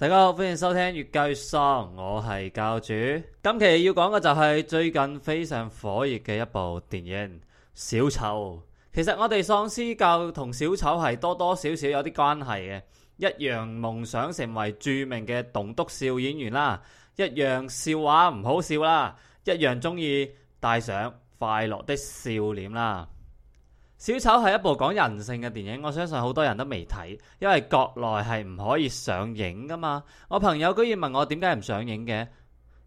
大家好，歡迎收聽《越教越喪》，我係教主。今期要講嘅就係最近非常火熱嘅一部電影《小丑》。其實我哋喪屍教同小丑係多多少少有啲關係嘅，一樣夢想成為著名嘅棟篤笑演員啦，一樣笑話唔好笑啦，一樣中意帶上快樂的笑臉啦。小丑係一部講人性嘅電影，我相信好多人都未睇，因為國內係唔可以上映噶嘛。我朋友居然問我點解唔上映嘅？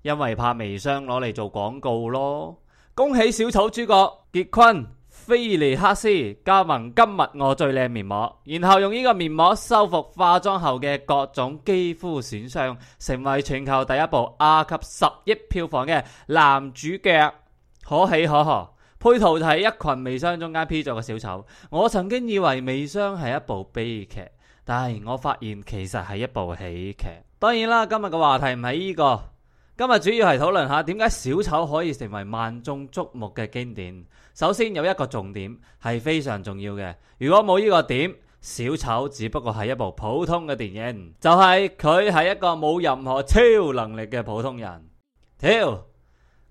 因為怕微商攞嚟做廣告咯。恭喜小丑主角傑昆菲尼克斯加盟今日我最靚面膜，然後用呢個面膜修復化妝後嘅各種肌膚損傷，成為全球第一部 R 級十億票房嘅男主角，可喜可賀。配圖就係一群微商中間 P 咗個小丑。我曾經以為微商係一部悲劇，但係我發現其實係一部喜劇。當然啦，今日嘅話題唔係呢個，今日主要係討論下點解小丑可以成為萬眾矚目嘅經典。首先有一個重點係非常重要嘅，如果冇呢個點，小丑只不過係一部普通嘅電影，就係佢係一個冇任何超能力嘅普通人。屌！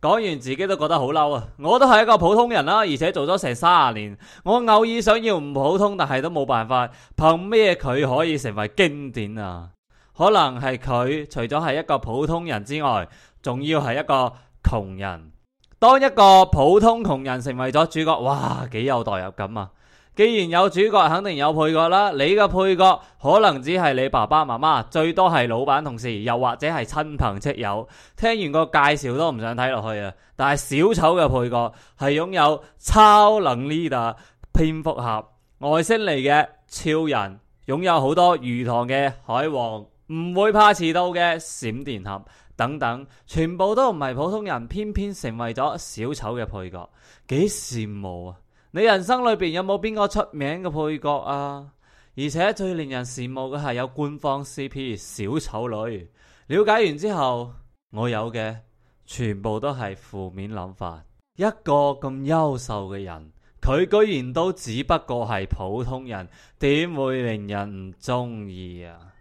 講完自己都覺得好嬲啊！我都係一個普通人啦，啊，而且做咗成三十年，我偶爾想要唔普通，但係都冇辦法。憑咩佢可以成為經典啊？可能係佢除咗係一個普通人之外，仲要係一個窮人。當一個普通窮人成為咗主角，哇，幾有代入感啊！既然有主角，肯定有配角啦。你嘅配角可能只係你爸爸媽媽，最多係老闆同事，又或者係親朋戚友。聽完個介紹都唔想睇落去啊！但係小丑嘅配角係擁有超能力的蝙蝠俠、外星嚟嘅超人、擁有好多魚塘嘅海王、唔會怕遲到嘅閃電俠等等，全部都唔係普通人，偏偏成為咗小丑嘅配角，幾羨慕啊！你人生裡邊有冇邊個出名嘅配角啊？而且最令人羨慕嘅係有官方 CP 小丑女。了解完之後，我有嘅全部都係負面諗法。一個咁優秀嘅人，佢居然都只不過係普通人，點會令人唔中意啊？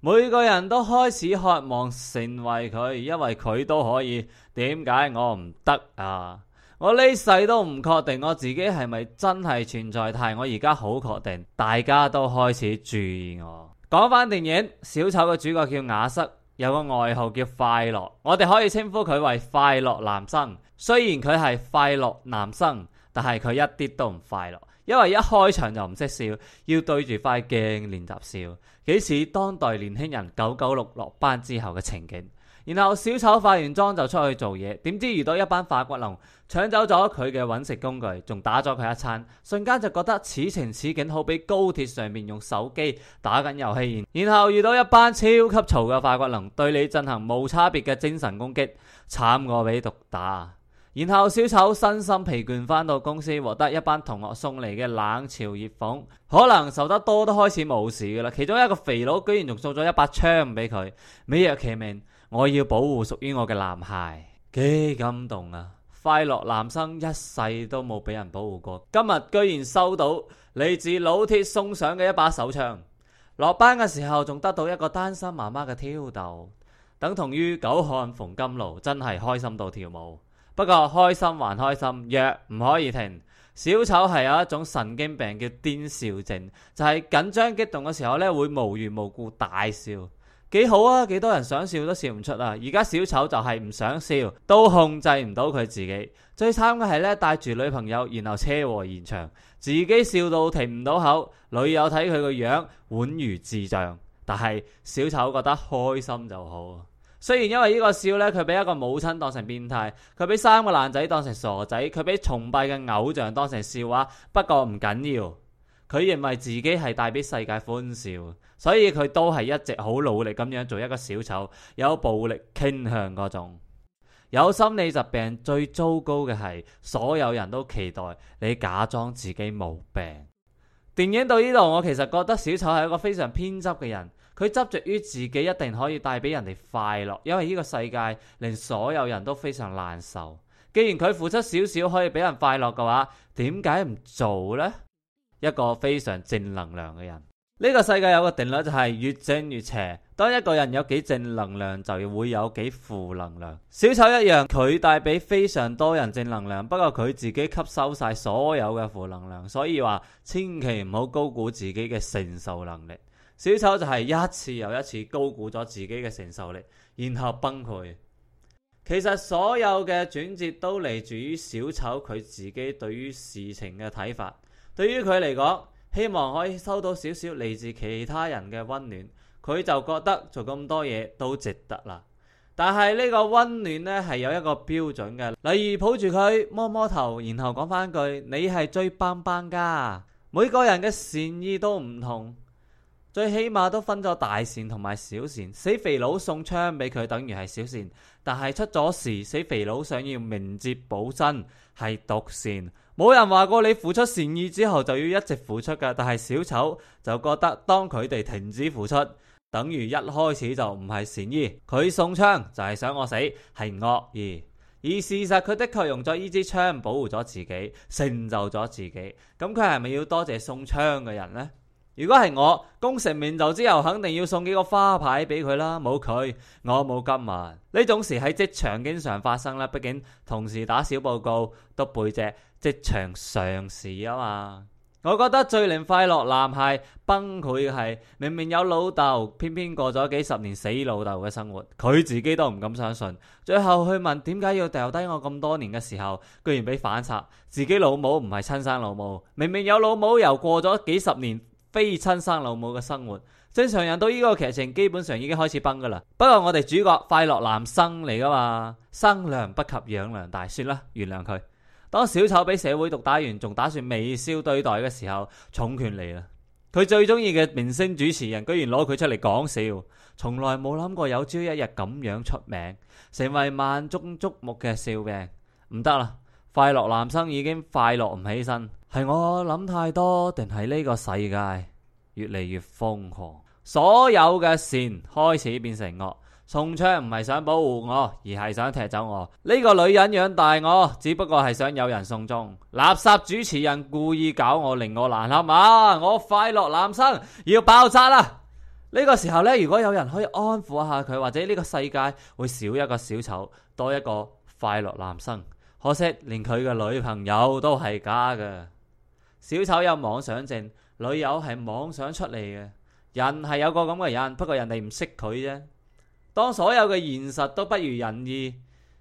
每個人都開始渴望成為佢，因為佢都可以，點解我唔得啊？我呢世都唔確定我自己係咪真係存在，但係我而家好確定大家都開始注意我。講返電影，小丑嘅主角叫雅瑟，有個外號叫快樂，我哋可以稱呼佢為快樂男生。雖然佢係快樂男生，但係佢一啲都唔快樂，因為一開場就唔識笑，要對住塊鏡練習笑，幾似當代年輕人九九六落班之後嘅情景。然後小丑化完妝就出去做嘢，點知遇到一班化骨龍搶走咗佢嘅揾食工具，仲打咗佢一餐，瞬間就覺得此情此景好比高鐵上面用手機打緊遊戲。然後遇到一班超級嘈嘅化骨龍，對你進行無差別嘅精神攻擊，慘過俾毒打。然後小丑身心疲倦，返到公司獲得一班同學送嚟嘅冷嘲熱諷，可能受得多都開始冇事㗎喇。其中一個肥佬居然仲送咗一把槍俾佢，美若其名。我要保護屬於我嘅男孩，幾感動啊！快樂男生一世都冇俾人保護過，今日居然收到嚟自老鐵送上嘅一把手槍。落班嘅時候仲得到一個單身媽媽嘅挑逗，等同於久旱逢甘露，真係開心到跳舞。不過開心還開心，藥唔可以停，小丑係有一種神經病嘅癲笑症，就係緊張激動嘅時候呢，會無緣無故大笑。幾好啊！幾多人想笑都笑唔出啊！而家小丑就係唔想笑，都控制唔到佢自己。最慘嘅係咧，帶住女朋友，然後車禍現場，自己笑到停唔到口，女友睇佢個樣宛如智障。但係小丑覺得開心就好啊。雖然因為呢個笑咧，佢俾一個母親當成變態，佢俾三個爛仔當成傻仔，佢俾崇拜嘅偶像當成笑話。不過唔緊要，要。佢認為自己係帶俾世界歡笑，所以佢都係一直好努力咁樣做一個小丑，有暴力傾向嗰種，有心理疾病。最糟糕嘅係，所有人都期待你假裝自己冇病。電影到呢度，我其實覺得小丑係一個非常偏執嘅人，佢執着於自己一定可以帶俾人哋快樂，因為呢個世界令所有人都非常難受。既然佢付出少少可以俾人快樂嘅話，點解唔做呢？一個非常正能量嘅人，呢個世界有個定律就係越正越邪。當一個人有幾正能量，就會有幾負能量。小丑一樣，佢帶俾非常多人正能量，不過佢自己吸收晒所有嘅負能量，所以話千祈唔好高估自己嘅承受能力。小丑就係一次又一次高估咗自己嘅承受力，然後崩潰。其實所有嘅轉折都嚟自於小丑佢自己對於事情嘅睇法。對於佢嚟講，希望可以收到少少嚟自其他人嘅溫暖，佢就覺得做咁多嘢都值得啦。但係呢個溫暖呢，係有一個標準嘅，例如抱住佢摸摸頭，然後講翻句你係最棒棒噶。每個人嘅善意都唔同，最起碼都分咗大善同埋小善。死肥佬送槍俾佢等於係小善，但係出咗事，死肥佬想要明哲保身係毒善。冇人話過你付出善意之後就要一直付出嘅，但係小丑就覺得當佢哋停止付出，等於一開始就唔係善意。佢送槍就係想我死，係惡意。而事實佢的確用咗呢支槍保護咗自己，成就咗自己。咁佢係咪要多謝送槍嘅人呢？如果係我功成名就之後，肯定要送幾個花牌俾佢啦。冇佢我冇今晚。呢種事喺職場經常發生啦，畢竟同事打小報告篤背脊。職場上市啊嘛，我覺得最令快樂男孩崩潰嘅係，明明有老豆，偏偏過咗幾十年死老豆嘅生活，佢自己都唔敢相信。最後去問點解要掉低我咁多年嘅時候，居然俾反插。自己老母唔係親生老母，明明有老母又過咗幾十年非親生老母嘅生活，正常人到呢個劇情基本上已經開始崩噶啦。不過我哋主角快樂男生嚟噶嘛，生娘不及養娘大，算啦，原諒佢。當小丑俾社會毒打完，仲打算微笑對待嘅時候，重拳嚟啦！佢最中意嘅明星主持人，居然攞佢出嚟講笑，從來冇諗過有朝一日咁樣出名，成為萬眾矚目嘅笑柄，唔得啦！快樂男生已經快樂唔起身，係我諗太多，定係呢個世界越嚟越瘋狂，所有嘅善開始變成惡。送槍唔係想保護我，而係想踢走我。呢個女人養大我，只不過係想有人送終。垃圾主持人故意搞我，令我難堪啊！我快樂男生要爆炸啦！呢個時候呢，如果有人可以安撫一下佢，或者呢個世界會少一個小丑，多一個快樂男生。可惜連佢嘅女朋友都係假嘅，小丑有妄想症，女友係妄想出嚟嘅。人係有個咁嘅人，不過人哋唔識佢啫。當所有嘅現實都不如人意，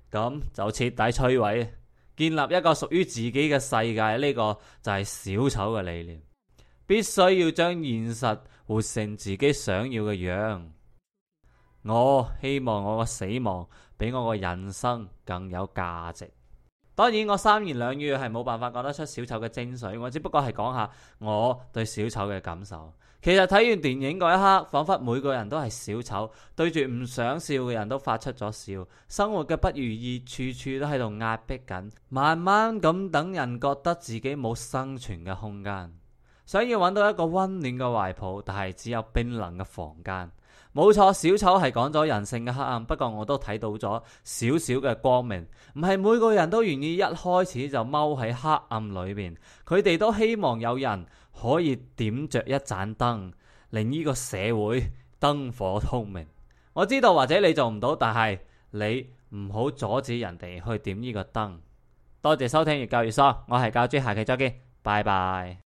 咁就徹底摧毀，建立一個屬於自己嘅世界。呢個就係小丑嘅理念，必須要將現實活成自己想要嘅樣。我希望我嘅死亡比我嘅人生更有價值。當然，我三言兩語係冇辦法講得出小丑嘅精髓，我只不過係講下我對小丑嘅感受。其實睇完電影嗰一刻，仿佛每個人都係小丑，對住唔想笑嘅人都發出咗笑。生活嘅不如意，處處都喺度壓迫緊，慢慢咁等人覺得自己冇生存嘅空間，想要揾到一個溫暖嘅懷抱，但係只有冰冷嘅房間。冇錯，小丑係講咗人性嘅黑暗，不過我都睇到咗少少嘅光明。唔係每個人都願意一開始就踎喺黑暗裏面，佢哋都希望有人可以點着一盞燈，令呢個社會燈火通明。我知道或者你做唔到，但係你唔好阻止人哋去點呢個燈。多謝收聽，越教越疏，我係教主，下期再見，拜拜。